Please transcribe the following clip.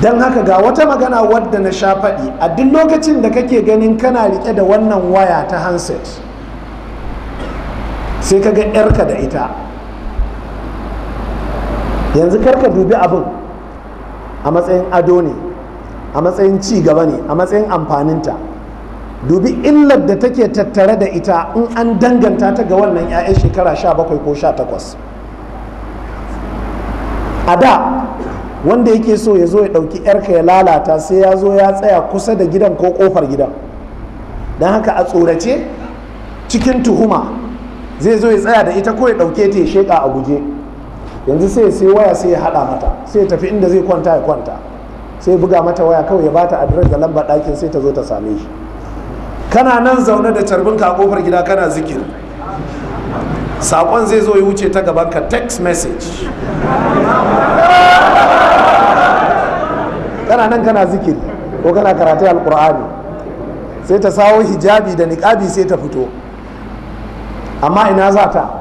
don haka ga wata magana wadda na sha faɗi a duk lokacin da kake ganin kana riƙe da wannan waya ta hanset sai ka ga 'yarka da ita yanzu karka dubi abin a matsayin ado ne a matsayin ci gaba ne a matsayin amfaninta dubi illar da take tattare da ita in an danganta ta ga wannan 'ya'yan shekara 17 ko 18 a da wanda yake so ya zo ya ɗauki yarka ya lalata sai ya zo ya tsaya kusa da gidan ko kofar gidan don haka a tsorace cikin tuhuma zai zo ya tsaya da ita ko ya ɗauke ta ya sheka a guje yanzu sai sai waya sai ya haɗa mata sai ya tafi inda zai kwanta ya kwanta sai buga mata waya kawai ya bata adres da lambar ɗakin sai ta zo ta same shi kana nan zaune da carbinka a kofar gida kana zikir saƙon zai zo ya wuce ta gaban ka text message kana nan kana zikiri ko kana karatu alkur'ani sai ta sawo hijabi da niƙabi sai ta fito amma ina za ta